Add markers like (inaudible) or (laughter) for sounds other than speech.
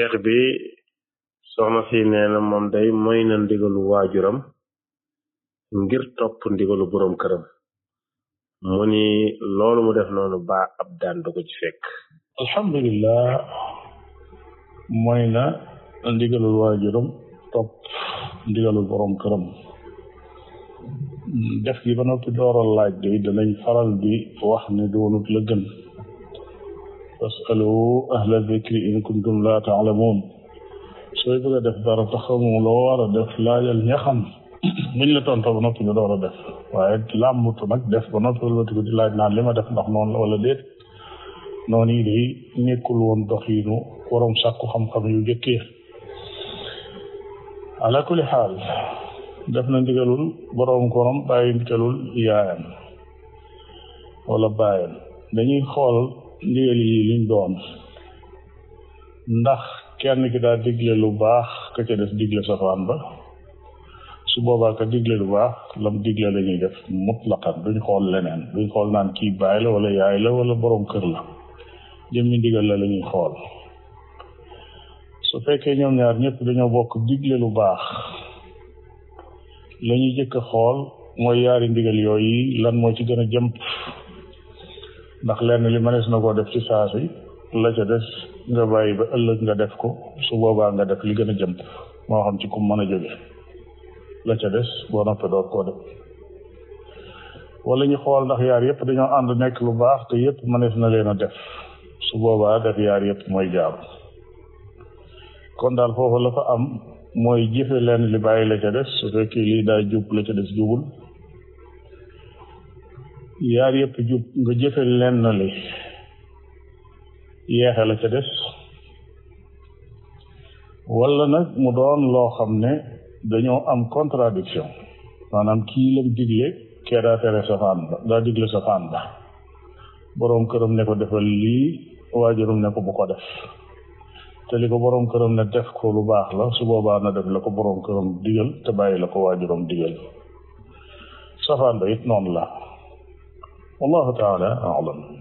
cheikh bi soxna si nee na moom day moy na ndigalu waajuram ngir topp ndigalu boroom këram mu ni loolu mu def noonu baa ab daan du ci fekk alhamdulilah moy na ndigalul waajuram topp ndigalul boroom këram def gi ba noppi dooral laaj bi danañ faral di wax ne doonut la gën wasalu ahla dikri in kuntum laa taalamuun def dara taxamu loo war def laajal ña xam (clears throat) buñ la tontoo ba noppi nga door a def waaye def ko di laaj naan li def ndax noonu la wala déet noonu yi day nekkul woon doxiinu waroom sàkku xam-xam yu njëkkee ala kulli xaal def na ndigalul boroom korom bàyyi ndigalul yaayam wala bàyyam dañuy xool ndigal yi liñ doon ndax kenn ki daa digle lu baax ka ca def digle safaan ba su boobaa ka digle lu baax lam digle la ñuy def mutlaqan duñ xool leneen duñ xool naan kii baay la wala yaay la wala boroom kër la jëmmi ndigal la la ñuy xool su fekkee ñoom ñaar ñëpp dañoo bokk digle lu baax la ñuy jëkk a xool mooy yaari ndigal yi lan moo ci gën a jëm ndax lenn li mënees na koo def ci saa si la ca des nga bàyyi ba ëllëg nga def ko su boobaa nga def li gën a jëm moo xam ci kum mën a jóge la ca des boo noppee door koo def wala ñu xool ndax yaar yëpp dañoo ànd nekk lu baax te yëpp mënees na leen a def su boobaa def yaar yëpp mooy jaam kon daal foofu la fa am mooy jëfe lenn li bàyyi la ca des su fekkee lii daa jub la ca des jubul yaar yëpp jub nga jëfe lenn li yeexe la ca def walla nag mu doon loo xam ne dañoo am contradiction maanaam kii lam digle kee daa tere safaan ba daa digle safaan ba boroom këram ne ko defal lii waajurum ne ko bu ko def te li ko boroom këram ne def ko lu baax la su boobaa na def la ko boroom këram digal te bàyyi la ko waajuram digal safaan ba it noonu la wallahu taala alam